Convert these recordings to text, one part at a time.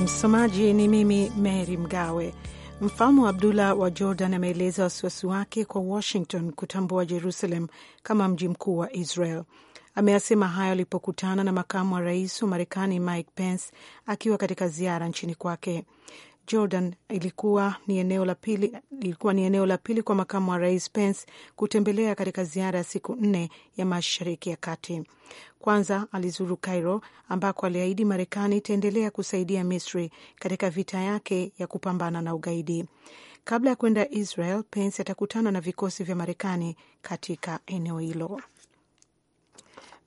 Msomaji ni mimi Mary Mgawe. Mfalme wa Abdullah wa Jordan ameeleza wasiwasi wake kwa Washington kutambua Jerusalem kama mji mkuu wa Israel. Ameyasema hayo alipokutana na makamu wa rais wa Marekani Mike Pence akiwa katika ziara nchini kwake. Jordan ilikuwa ni eneo la pili, ilikuwa ni eneo la pili kwa makamu wa rais Pence kutembelea katika ziara ya siku nne ya Mashariki ya Kati. Kwanza alizuru Cairo ambako aliahidi Marekani itaendelea kusaidia Misri katika vita yake ya kupambana na ugaidi. Kabla ya kwenda Israel, Pence atakutana na vikosi vya Marekani katika eneo hilo.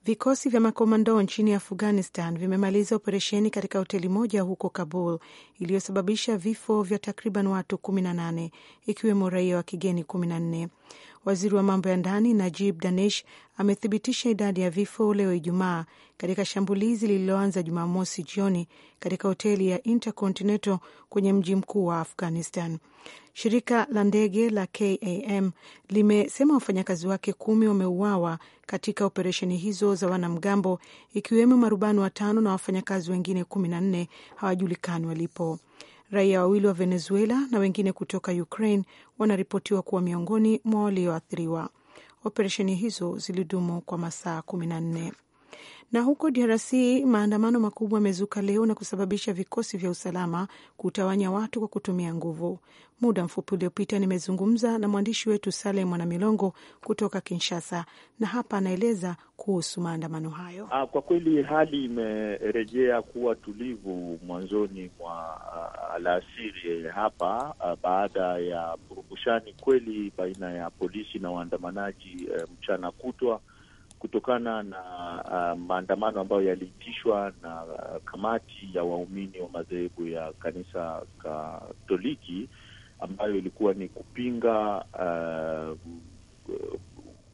Vikosi vya makomando nchini Afghanistan vimemaliza operesheni katika hoteli moja huko Kabul iliyosababisha vifo vya takriban watu kumi na nane ikiwemo raia wa kigeni kumi na nne Waziri wa mambo ya ndani Najib Danish amethibitisha idadi ya vifo leo Ijumaa katika shambulizi lililoanza Jumamosi jioni katika hoteli ya Intercontinental kwenye mji mkuu wa Afghanistan. Shirika la ndege la KAM limesema wafanyakazi wake kumi wameuawa katika operesheni hizo za wanamgambo, ikiwemo marubani watano na wafanyakazi wengine kumi na nne hawajulikani walipo. Raia wawili wa Venezuela na wengine kutoka Ukraine wanaripotiwa kuwa miongoni mwa walioathiriwa. Operesheni hizo zilidumu kwa masaa kumi na nne. Na huko DRC maandamano makubwa yamezuka leo na kusababisha vikosi vya usalama kutawanya watu kwa kutumia nguvu. Muda mfupi uliopita nimezungumza na mwandishi wetu Sale Mwanamilongo kutoka Kinshasa, na hapa anaeleza kuhusu maandamano hayo. Ah, kwa kweli hali imerejea kuwa tulivu mwanzoni mwa ah, alasiri hapa a, ah, baada ya purukushani kweli baina ya polisi na waandamanaji eh, mchana kutwa kutokana na uh, maandamano ambayo yaliitishwa na uh, kamati ya waumini wa madhehebu ya kanisa Katoliki ambayo ilikuwa ni kupinga uh,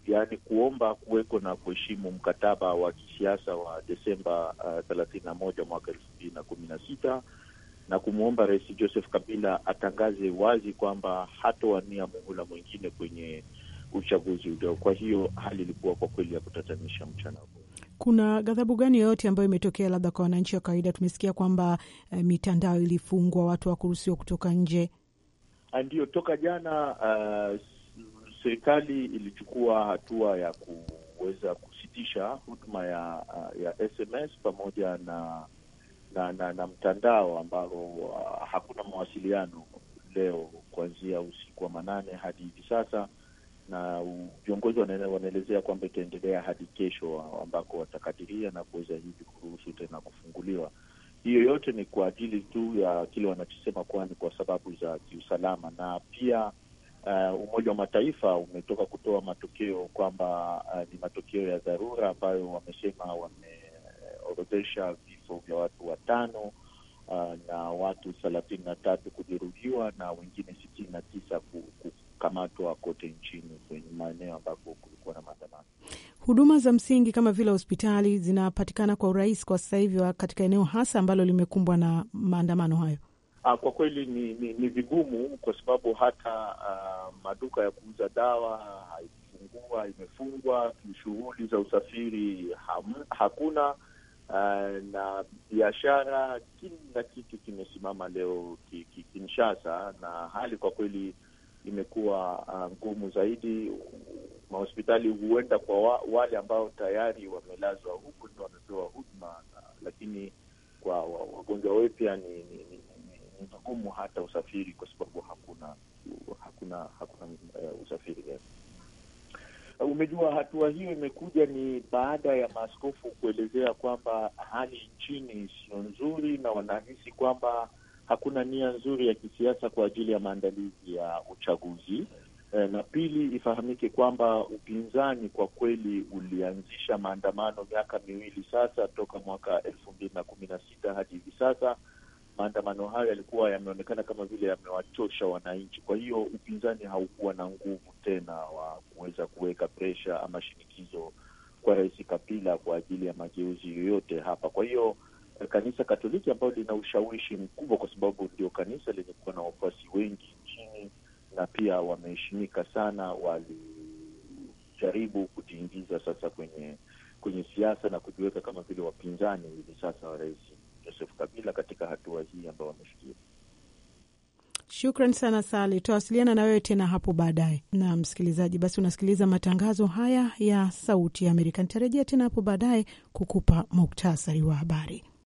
yaani kuomba kuweko na kuheshimu mkataba wa kisiasa wa Desemba uh, thelathini uh, na moja mwaka elfu mbili na kumi na sita na kumwomba Rais Joseph Kabila atangaze wazi kwamba hatowania muhula mwingine kwenye uchaguzi ujao. Kwa hiyo hali ilikuwa kwa kweli ya kutatanisha mchana huo. Kuna ghadhabu gani yoyote ambayo imetokea labda kwa wananchi wa kawaida? Tumesikia kwamba e, mitandao ilifungwa, watu hawakuruhusiwa kutoka nje. Ah, Ndiyo, toka jana uh, serikali ilichukua hatua ya kuweza kusitisha huduma ya, ah, ya SMS pamoja na na, na, na mtandao ambao uh, hakuna mawasiliano leo kuanzia usiku wa manane hadi hivi sasa na viongozi wanaelezea kwamba itaendelea hadi kesho ambako watakadiria na kuweza hivi kuruhusu tena kufunguliwa. Hiyo yote ni kwa ajili tu ya kile wanachosema kuwa ni kwa sababu za kiusalama, na pia uh, Umoja wa Mataifa umetoka kutoa matokeo kwamba uh, ni matokeo ya dharura ambayo wamesema wameorodhesha vifo vya watu watano uh, na watu thelathini na tatu kujeruhiwa na wengine sitini na tisa kukamatwa kote nchini kwenye maeneo ambapo kulikuwa na maandamano. Huduma za msingi kama vile hospitali zinapatikana kwa urahisi kwa sasa hivi katika eneo hasa ambalo limekumbwa na maandamano hayo? Aa, ah, kwa kweli ni, ni, ni vigumu kwa sababu hata uh, maduka ya kuuza dawa haikufungua, imefungwa. Shughuli za usafiri ham, hakuna Uh, na biashara, kila kitu kimesimama leo ki, ki, Kinshasa, na hali kwa kweli imekuwa ah, ngumu uh, zaidi. Mahospitali huenda kwa wa, wale ambao tayari wamelazwa huku ndo wamepewa huduma, lakini kwa wagonjwa wapya ni, ni, ni, ni hata usafiri, kwa sababu hakuna hakuna hakuna uh, usafiri gani. Umejua, hatua hiyo imekuja ni baada ya maaskofu kuelezea kwamba hali nchini sio nzuri na wanahisi kwamba hakuna nia nzuri ya kisiasa kwa ajili ya maandalizi ya uchaguzi. E, na pili, ifahamike kwamba upinzani kwa kweli ulianzisha maandamano miaka miwili sasa, toka mwaka elfu mbili na kumi na sita hadi hivi sasa. Maandamano hayo yalikuwa yameonekana kama vile yamewachosha wananchi, kwa hiyo upinzani haukuwa na nguvu tena wa kuweza kuweka presha ama shinikizo kwa Rais Kapila kwa ajili ya mageuzi yoyote hapa, kwa hiyo Eh, kanisa Katoliki ambayo lina ushawishi mkubwa kwa sababu ndio kanisa kuwa na wafuasi wengi nchini na pia wameheshimika sana. Walijaribu kujiingiza sasa kwenye kwenye siasa na kujiweka kama vile wapinzani hivi sasa wa Rais Joseph Kabila katika hatua hii ambayo wamefikia. Shukran sana Sali, tutawasiliana na wewe tena hapo baadaye. Na msikilizaji, basi unasikiliza matangazo haya ya Sauti ya Amerika. Nitarejea tena hapo baadaye kukupa muktasari wa habari.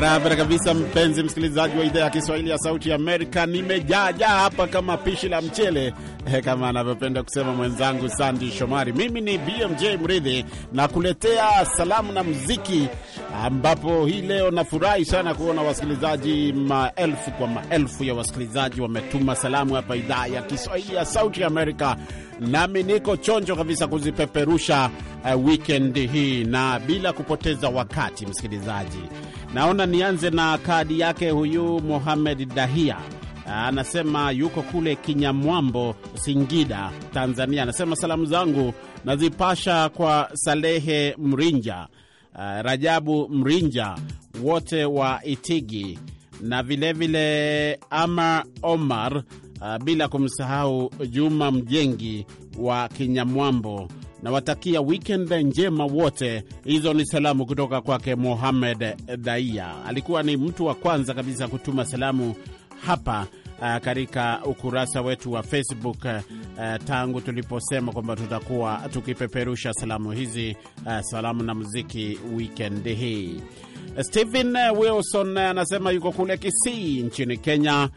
Barabara kabisa, mpenzi msikilizaji wa idhaa ya Kiswahili ya Sauti ya Amerika, nimejaajaa hapa kama pishi la mchele eh, kama anavyopenda kusema mwenzangu Sandi Shomari. Mimi ni BMJ Mridhi na kuletea salamu na muziki, ambapo hii leo nafurahi sana kuona wasikilizaji, maelfu kwa maelfu ya wasikilizaji wametuma salamu hapa idhaa ya Kiswahili ya Sauti ya Amerika, nami niko chonjo kabisa kuzipeperusha uh, eh, wikendi hii, na bila kupoteza wakati msikilizaji Naona nianze na kadi yake huyu Mohamed Dahia. Anasema yuko kule Kinyamwambo, Singida, Tanzania. Anasema salamu zangu nazipasha kwa Salehe Mrinja, uh, Rajabu Mrinja, wote wa Itigi na vilevile vile Ama Omar, uh, bila kumsahau Juma Mjengi wa Kinyamwambo Nawatakia wikend njema wote. Hizo ni salamu kutoka kwake Mohamed Dhaia, alikuwa ni mtu wa kwanza kabisa kutuma salamu hapa Uh, katika ukurasa wetu wa Facebook uh, tangu tuliposema kwamba tutakuwa tukipeperusha salamu hizi uh, salamu na muziki wikendi hii. Stephen Wilson anasema yuko kule Kisii nchini Kenya.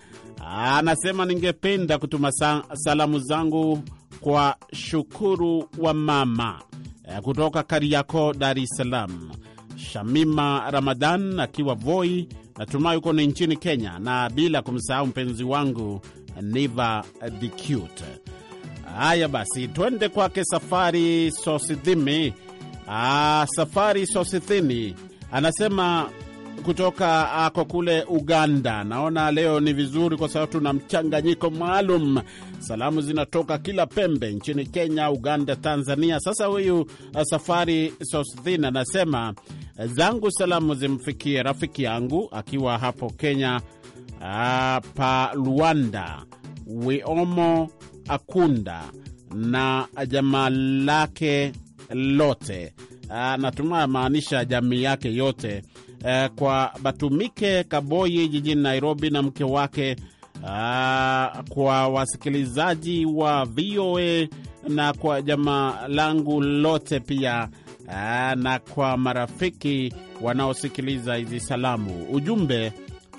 Anasema ningependa kutuma salamu zangu kwa Shukuru wa mama eh, kutoka Kariakoo, Dar es Salaam. Shamima Ramadan akiwa Voi, natumai uko ni nchini Kenya, na bila kumsahau mpenzi wangu Niva the Cute. Haya basi, twende kwake Safari Sosithimi. Ah, Safari Sosithini anasema kutoka ah, ako kule Uganda. Naona leo ni vizuri kwa sababu tuna mchanganyiko maalum. Salamu zinatoka kila pembe nchini Kenya, Uganda, Tanzania. Sasa huyu ah, Safari Sosthin anasema eh, zangu salamu zimfikie rafiki yangu akiwa hapo Kenya, ah, pa Luanda, Wiomo Akunda na jamaa lake lote, natumai maanisha jamii yake yote eh, kwa Batumike Kaboyi jijini Nairobi na mke wake ah, kwa wasikilizaji wa VOA na kwa jamaa langu lote pia ah, na kwa marafiki wanaosikiliza hizi salamu. Ujumbe,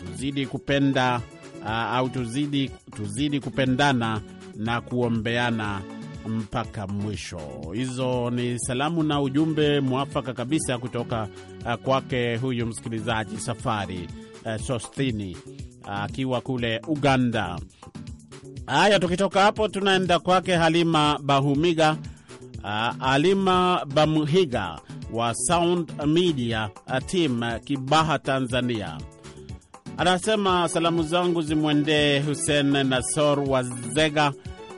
tuzidi kupenda ah, au tuzidi, tuzidi kupendana na kuombeana mpaka mwisho. Hizo ni salamu na ujumbe mwafaka kabisa kutoka uh, kwake huyu msikilizaji Safari uh, Sostini uh, akiwa uh, kule Uganda. Haya, tukitoka hapo tunaenda kwake Halima Bahumiga uh, Halima Bamhiga wa Sound Media uh, Team uh, Kibaha, Tanzania. Anasema salamu zangu zimwendee Hussein Nasor Wazega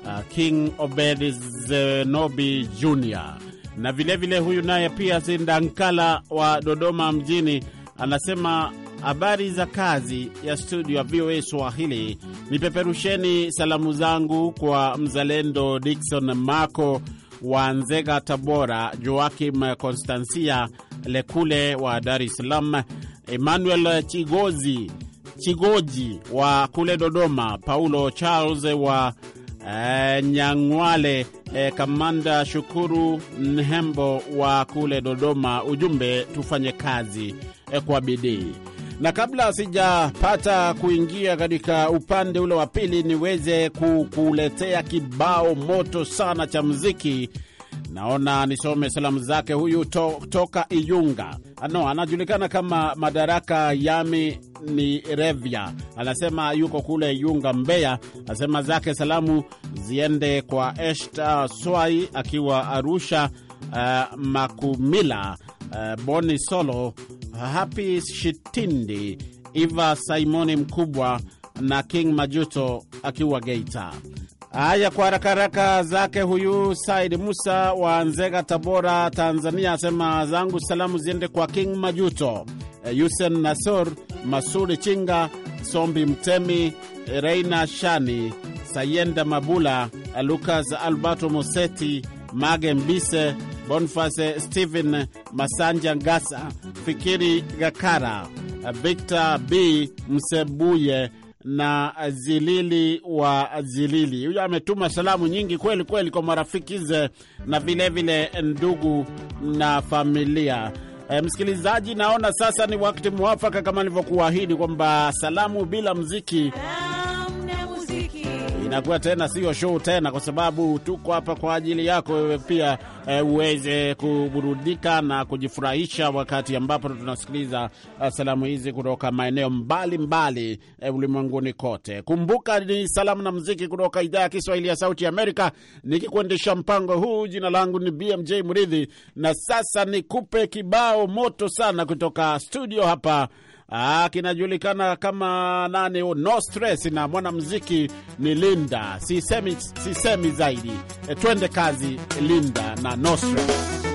uh, King Obed Zenobi Jr na vilevile vile huyu naye pia Sindankala wa Dodoma mjini anasema habari za kazi ya studio ya VOA Swahili, nipeperusheni salamu zangu kwa mzalendo Dikson Marco wa Nzega, Tabora, Joakim constancia Lekule wa Dar es Salaam, Emmanuel Chigozi Chigoji wa kule Dodoma, Paulo Charles wa Eh, Nyang'wale e, Kamanda Shukuru Nhembo wa kule Dodoma. Ujumbe tufanye kazi e, kwa bidii na kabla sijapata kuingia katika upande ule wa pili, niweze kukuletea kibao moto sana cha muziki Naona nisome salamu zake huyu to, toka Iyunga no, anajulikana kama Madaraka Yami ni Revya, anasema yuko kule Iyunga, Mbeya. Anasema zake salamu ziende kwa Eshta Swai akiwa Arusha, uh, Makumila, uh, Boni Solo, hapi Shitindi, Iva Simoni mkubwa na King Majuto akiwa Geita. Haya, kwa haraka haraka zake huyu Said Musa wa Nzega, Tabora, Tanzania, asema zangu salamu ziende kwa King Majuto, eh, Yusen Nasor, Masuri Chinga, Sombi Mtemi, Reina Shani, Sayenda Mabula, Lukas Alberto Moseti, Mage Mbise, Bonifase Stephen Masanja Ngasa, Fikiri Gakara, Victor B Msebuye na Zilili wa Zilili. Huyo ametuma salamu nyingi kweli kweli kwa marafiki ze na vilevile vile ndugu na familia. E, msikilizaji, naona sasa ni wakati mwafaka kama nilivyokuahidi kwamba salamu bila mziki inakuwa tena sio show tena, kwa sababu tuko hapa kwa ajili yako wewe pia eh, uweze kuburudika na kujifurahisha wakati ambapo tunasikiliza eh, salamu hizi kutoka maeneo mbalimbali eh, ulimwenguni kote. Kumbuka ni salamu na muziki kutoka idhaa ya Kiswahili ya Sauti ya Amerika, nikikuendesha mpango huu. Jina langu ni BMJ Mridhi, na sasa nikupe kibao moto sana kutoka studio hapa Ah, kinajulikana kama nani, no stress, na mwanamuziki ni Linda. Sisemi, sisemi zaidi. E, twende kazi Linda na no stress.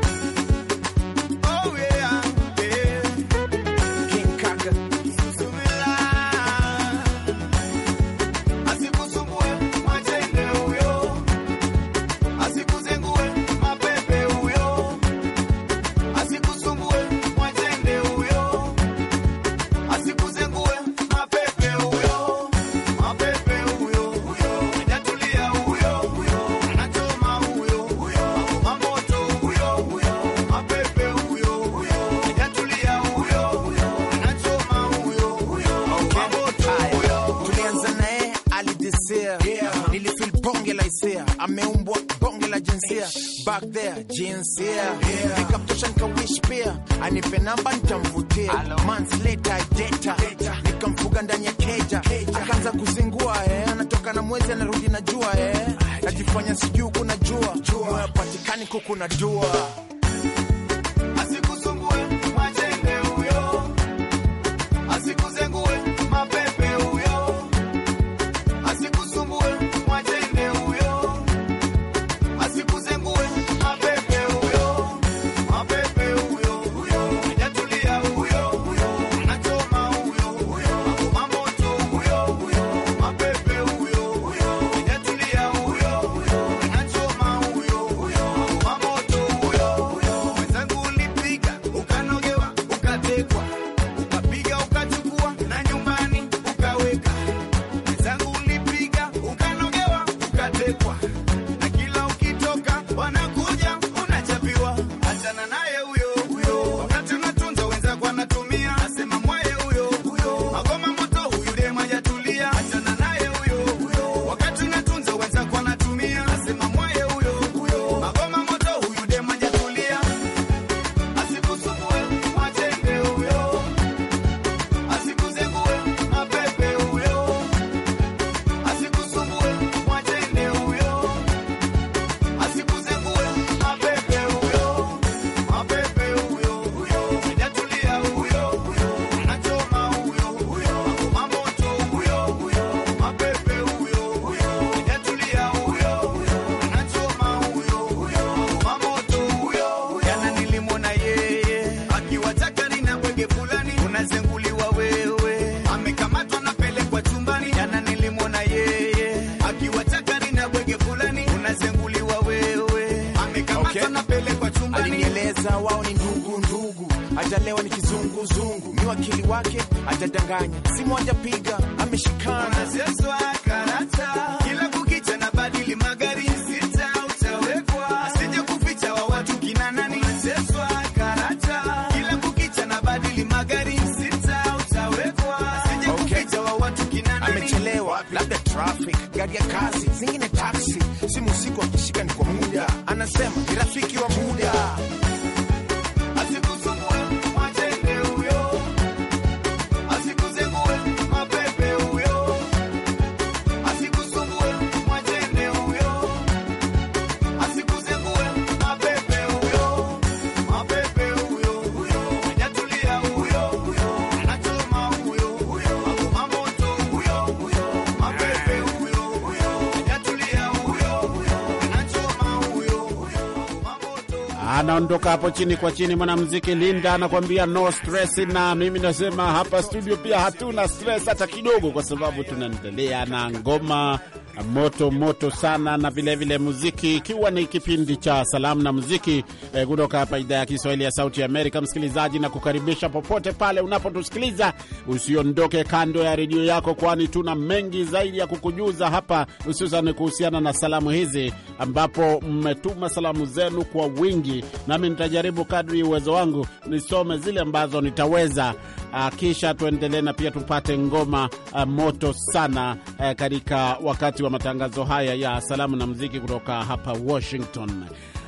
kutoka hapo chini kwa chini. Mwanamuziki Linda anakuambia no stress, na mimi nasema hapa studio pia hatuna stress hata kidogo, kwa sababu tunaendelea na ngoma moto moto sana, na vilevile vile muziki, ikiwa ni kipindi cha salamu na muziki eh, kutoka hapa idhaa ya Kiswahili ya Sauti ya Amerika. Msikilizaji, na kukaribisha popote pale unapotusikiliza, usiondoke kando ya redio yako, kwani tuna mengi zaidi ya kukujuza hapa, hususan kuhusiana na salamu hizi, ambapo mmetuma salamu zenu kwa wingi, nami nitajaribu kadri uwezo wangu nisome zile ambazo nitaweza. Ah, kisha tuendelee na pia tupate ngoma ah, moto sana eh, katika wakati wa matangazo haya ya salamu na mziki kutoka hapa Washington.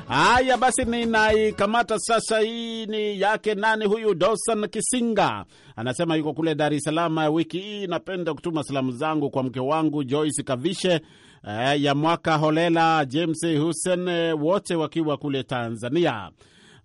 Haya basi, ninaikamata sasa. Hii ni yake nani huyu? Dosan Kisinga anasema yuko kule Dar es Salaam. Wiki hii napenda kutuma salamu zangu kwa mke wangu Joyce Kavishe eh, ya mwaka Holela, James Hussein, eh, wote wakiwa kule Tanzania.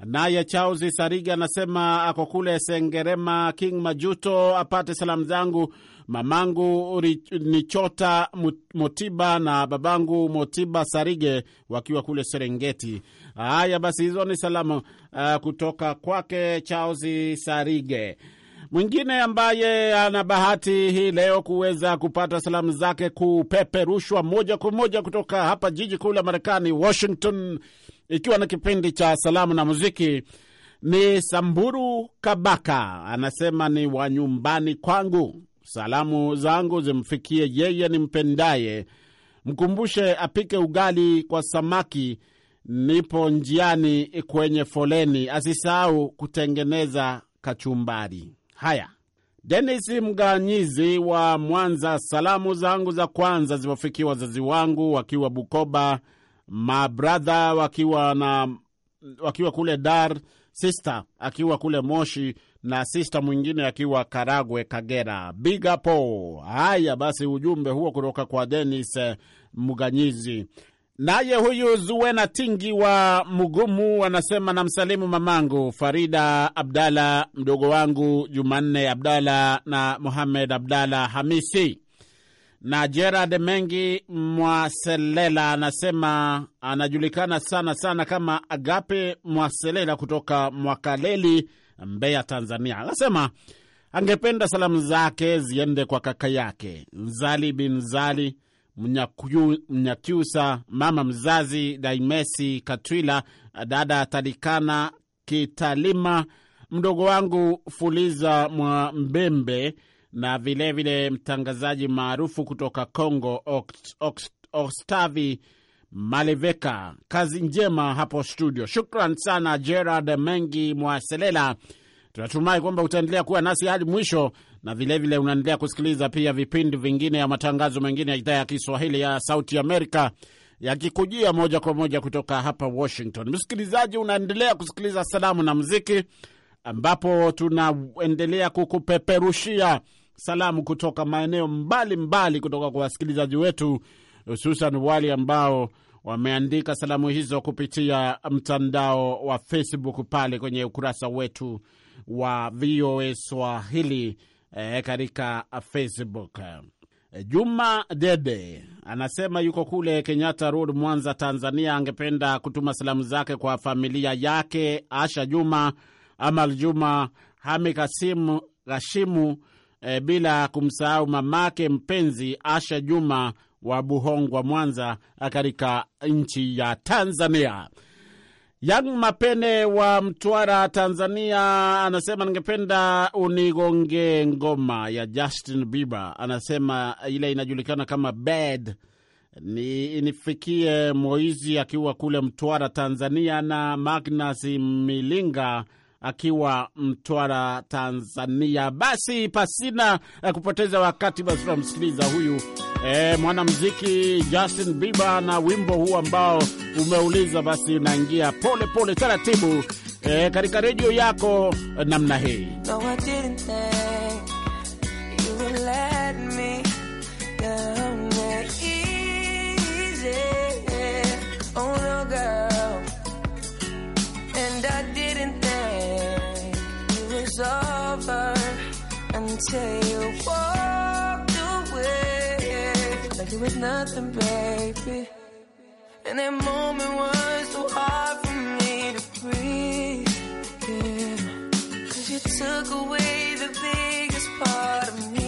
Naye Charles Sariga anasema ako kule Sengerema, King Majuto apate salamu zangu mamangu Nichota Motiba na babangu Motiba Sarige wakiwa kule Serengeti. Haya basi, hizo ni salamu uh, kutoka kwake Charles Sarige. Mwingine ambaye ana bahati hii leo kuweza kupata salamu zake kupeperushwa moja kwa moja kutoka hapa jiji kuu la Marekani, Washington, ikiwa na kipindi cha salamu na muziki ni Samburu Kabaka. Anasema ni wa nyumbani kwangu, salamu zangu zimfikie yeye nimpendaye, mkumbushe apike ugali kwa samaki nipo njiani kwenye foleni, asisahau kutengeneza kachumbari. Haya, Denis Mganyizi wa Mwanza, salamu zangu za kwanza ziwafikia wazazi wangu wakiwa Bukoba, mabradha wakiwa na wakiwa kule Dar, siste akiwa kule Moshi na siste mwingine akiwa Karagwe, Kagera. Big up. Haya basi, ujumbe huo kutoka kwa Denis Mganyizi. Naye huyu Zuena Tingi wa Mugumu anasema namsalimu mamangu Farida Abdala, mdogo wangu Jumanne Abdala na muhamed Abdala Hamisi. Na Gerard Mengi Mwaselela anasema anajulikana sana sana kama Agape Mwaselela kutoka Mwakaleli, Mbeya, Tanzania. Anasema angependa salamu zake ziende kwa kaka yake Nzali bin Zali Mnyakyusa, mama mzazi Daimesi Katwila, dada Talikana Kitalima, mdogo wangu Fuliza mwa Mbembe na vilevile vile mtangazaji maarufu kutoka Congo Oct, Oct, Ostavi Maleveka. Kazi njema hapo studio. Shukran sana Gerard Mengi Mwaselela Tunatumai kwamba utaendelea kuwa nasi hadi mwisho, na vilevile unaendelea kusikiliza pia vipindi vingine ya matangazo mengine ya idhaa ya Kiswahili ya Sauti Amerika yakikujia moja kwa moja kutoka hapa Washington. Msikilizaji, unaendelea kusikiliza salamu na muziki, ambapo tunaendelea kukupeperushia salamu kutoka maeneo mbalimbali mbali kutoka kwa wasikilizaji wetu, hususan wale ambao wameandika salamu hizo kupitia mtandao wa Facebook pale kwenye ukurasa wetu wa VOA Swahili eh, katika Facebook. Eh, Juma Dede anasema yuko kule Kenyatta Road, Mwanza, Tanzania. Angependa kutuma salamu zake kwa familia yake Asha Juma, Amal Juma, Hami Kasimu Kashimu, eh, bila kumsahau mamake mpenzi Asha Juma wa Buhongwa, Mwanza, katika nchi ya Tanzania. Yang Mapene wa Mtwara, Tanzania, anasema ningependa unigonge ngoma ya Justin Bieber. Anasema ile inajulikana kama Bad ni nifikie Moizi akiwa kule Mtwara, Tanzania, na Magnus Milinga akiwa Mtwara, Tanzania. Basi pasina eh, kupoteza wakati, basi tunamsikiliza huyu eh, mwanamuziki Justin Bieber na wimbo huu ambao umeuliza, basi unaingia pole pole taratibu eh, katika redio yako eh, namna hii no, until you walked away. Like it was nothing, baby. And that moment was so hard for me to breathe. Yeah. Cause you took away the biggest part of me.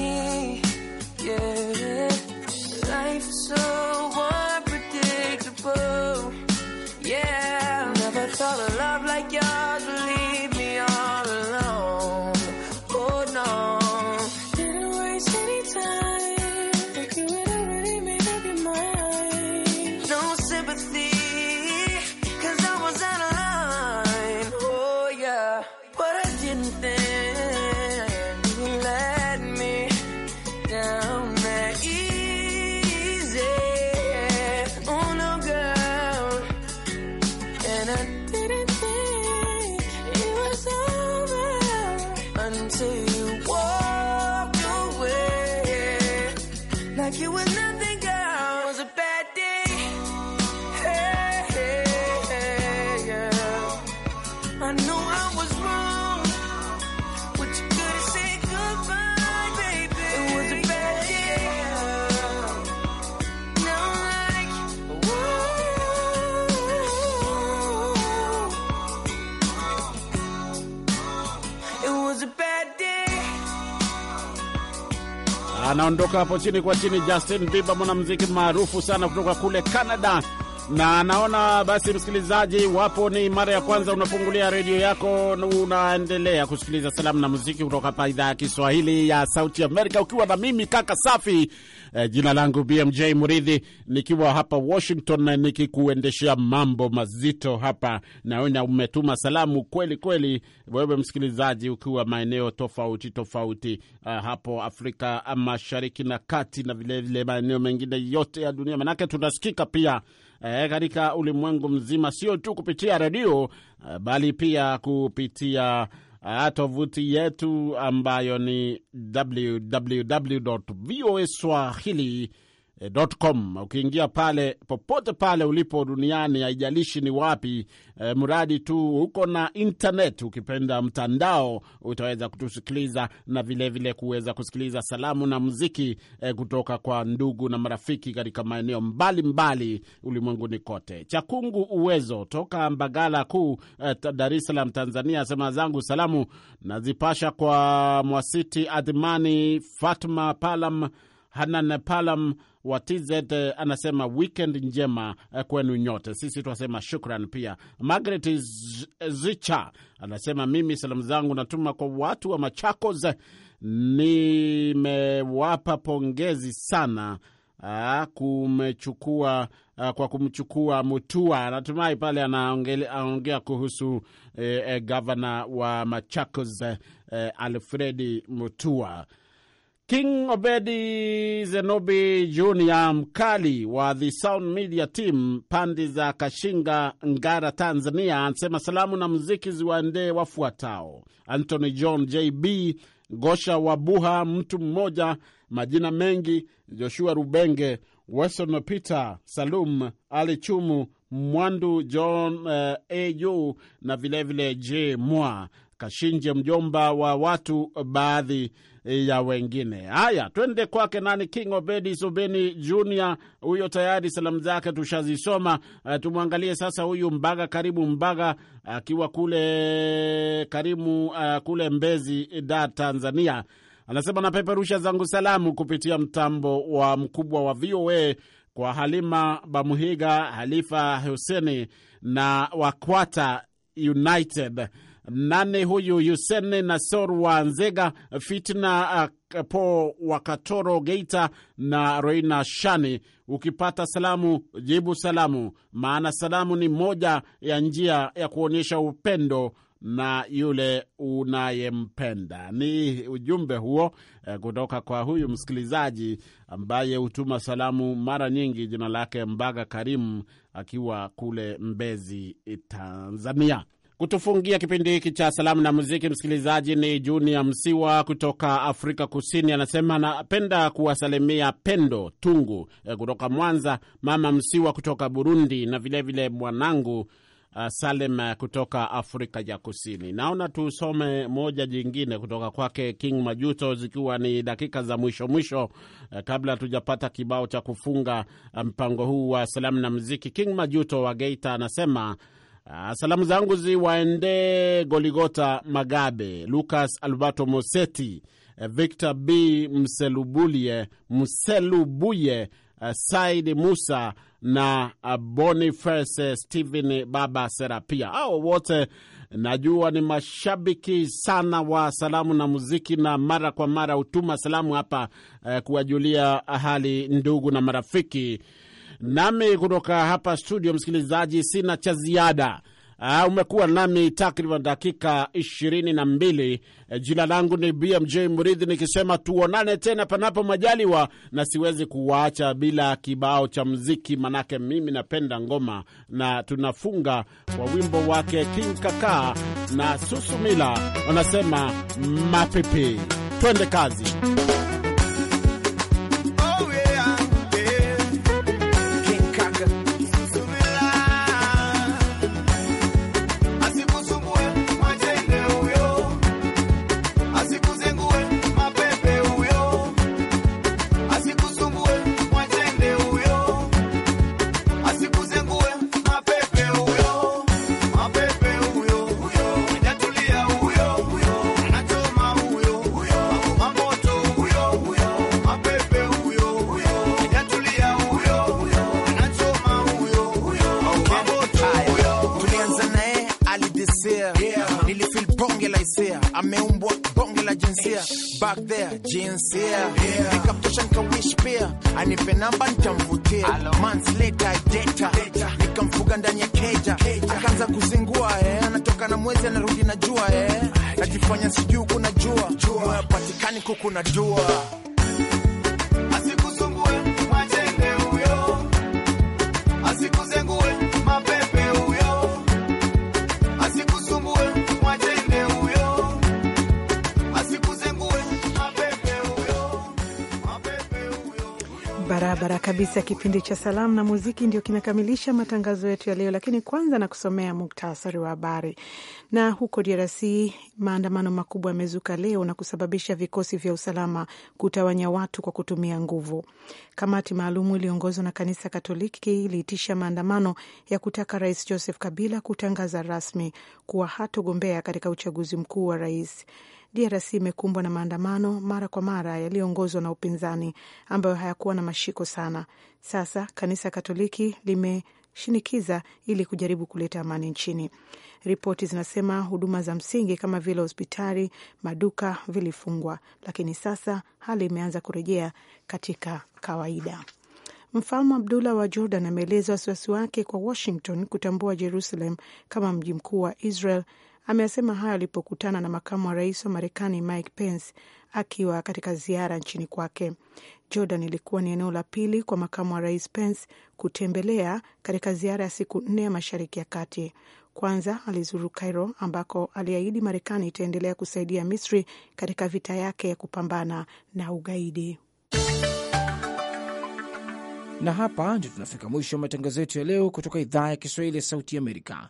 anaondoka hapo chini kwa chini. Justin Bieber, mwanamuziki maarufu sana kutoka kule Canada, na naona basi, msikilizaji, wapo ni mara ya kwanza unafungulia redio yako, unaendelea kusikiliza salamu na muziki kutoka hapa idhaa ya Kiswahili ya Sauti Amerika, ukiwa na mimi kaka Safi. eh, jina langu BMJ Muridhi, nikiwa hapa Washington nikikuendeshea mambo mazito hapa. Naona umetuma salamu kweli kweli, wewe msikilizaji, ukiwa maeneo tofauti tofauti eh, hapo Afrika Mashariki na Kati na vilevile maeneo mengine yote ya dunia, manake tunasikika pia e, katika ulimwengu mzima, sio tu kupitia redio e, bali pia kupitia eh, tovuti yetu ambayo ni www voa swahili com. Ukiingia pale popote pale ulipo duniani, haijalishi ni wapi e, mradi tu uko na internet, ukipenda mtandao, utaweza kutusikiliza na vilevile kuweza kusikiliza salamu na muziki e, kutoka kwa ndugu na marafiki katika maeneo mbalimbali ulimwenguni kote. Chakungu Uwezo toka Mbagala Kuu, e, Dar es Salaam, Tanzania, asema zangu salamu nazipasha kwa Mwasiti Adhimani, Fatma Palam, Hanan Palam wa TZ eh, anasema weekend njema eh, kwenu nyote. Sisi twasema shukran. Pia Margaret Zicha anasema mimi salamu zangu natuma kwa watu wa Machakos, nimewapa pongezi sana Aa, ah, kumechukua ah, kwa kumchukua Mutua. Natumai pale anaongea kuhusu eh, eh, gavana wa Machakos eh, Alfredi Mutua King Obedi Zenobi Junior, mkali wa The Sound Media Team pandi za Kashinga, Ngara, Tanzania, anasema salamu na muziki ziwaendee wafuatao: Anthony John JB Gosha Wabuha, mtu mmoja, majina mengi, Joshua Rubenge, Weston Peter, Salum Ali Chumu, Mwandu John uh, eh, au na vilevile J Mwa Kashinje, mjomba wa watu baadhi ya wengine. Haya, twende kwake nani, King Obedi Sobeni Junior. Huyo tayari salamu zake tushazisoma. Uh, tumwangalie sasa huyu Mbaga Karimu Mbaga akiwa uh, kule Karimu uh, eh, kule Mbezi, da Tanzania. Anasema napeperusha zangu salamu kupitia mtambo wa mkubwa wa VOA kwa Halima Bamuhiga, Halifa Huseni na Wakwata United nane huyu Yusene wa Nzega, Fitna uh, Po Wakatoro Geita na Roina Shani. Ukipata salamu jibu salamu, maana salamu ni moja ya njia ya kuonyesha upendo na yule unayempenda. Ni ujumbe huo uh, kutoka kwa huyu msikilizaji ambaye hutuma salamu mara nyingi. Jina lake Mbaga Karimu akiwa kule Mbezi, Tanzania. Kutufungia kipindi hiki cha salamu na muziki, msikilizaji, ni junia Msiwa kutoka Afrika Kusini. Anasema anapenda kuwasalimia Pendo Tungu eh, kutoka Mwanza, Mama Msiwa kutoka Burundi na vilevile vile mwanangu eh, Salem eh, kutoka Afrika ya Kusini. Naona tusome moja jingine kutoka kwake King Majuto, zikiwa ni dakika za mwisho mwisho kabla hatujapata kibao cha kufunga mpango huu wa salamu na muziki. King Majuto wa Geita anasema Ah, salamu zangu ziwaendee Goligota Magabe, Lucas Alberto Moseti, eh, Victor B Mselubulie, Mselubuye, eh, Said Musa na eh, Boniface Stephen Baba Serapia. Hao wote najua ni mashabiki sana wa salamu na muziki, na mara kwa mara hutuma salamu hapa eh, kuwajulia hali ndugu na marafiki nami kutoka hapa studio. Msikilizaji, sina cha ziada. Uh, umekuwa nami takriban dakika ishirini na mbili. Eh, jina langu ni BMJ Mridhi, nikisema tuonane tena panapo majaliwa, na siwezi kuwaacha bila kibao cha mziki, manake mimi napenda ngoma, na tunafunga kwa wimbo wake King Kaka na Susumila wanasema mapipi. Twende kazi. ameumbwa bonge la jinsia back there jinsia nikamtosha nikawish pia anipe namba nitamvutia months later data nikamfuga ndani ya keja akaanza kuzingua eh anatoka na mwezi anarudi na jua eh najifanya sijui kuna jua jua. kuku na jua kabisa. Kipindi cha salamu na muziki ndio kinakamilisha matangazo yetu ya leo, lakini kwanza na kusomea muktasari wa habari. Na huko DRC maandamano makubwa yamezuka leo na kusababisha vikosi vya usalama kutawanya watu kwa kutumia nguvu. Kamati maalum iliyoongozwa na kanisa Katoliki iliitisha maandamano ya kutaka Rais Joseph Kabila kutangaza rasmi kuwa hatogombea katika uchaguzi mkuu wa rais. DRC imekumbwa na maandamano mara kwa mara yaliyoongozwa na upinzani ambayo hayakuwa na mashiko sana. Sasa kanisa Katoliki lime shinikiza ili kujaribu kuleta amani nchini. Ripoti zinasema huduma za msingi kama vile hospitali, maduka vilifungwa, lakini sasa hali imeanza kurejea katika kawaida. Mfalme Abdullah wa Jordan ameeleza wasiwasi wake kwa Washington kutambua Jerusalem kama mji mkuu wa Israel ameyasema hayo alipokutana na makamu wa rais wa Marekani Mike Pence akiwa katika ziara nchini kwake. Jordan ilikuwa ni eneo la pili kwa makamu wa rais Pence kutembelea katika ziara ya siku nne ya Mashariki ya Kati. Kwanza alizuru Cairo ambako aliahidi Marekani itaendelea kusaidia Misri katika vita yake ya kupambana na ugaidi. Na hapa ndio tunafika mwisho wa matangazo yetu ya leo kutoka idhaa ya Kiswahili ya Sauti Amerika.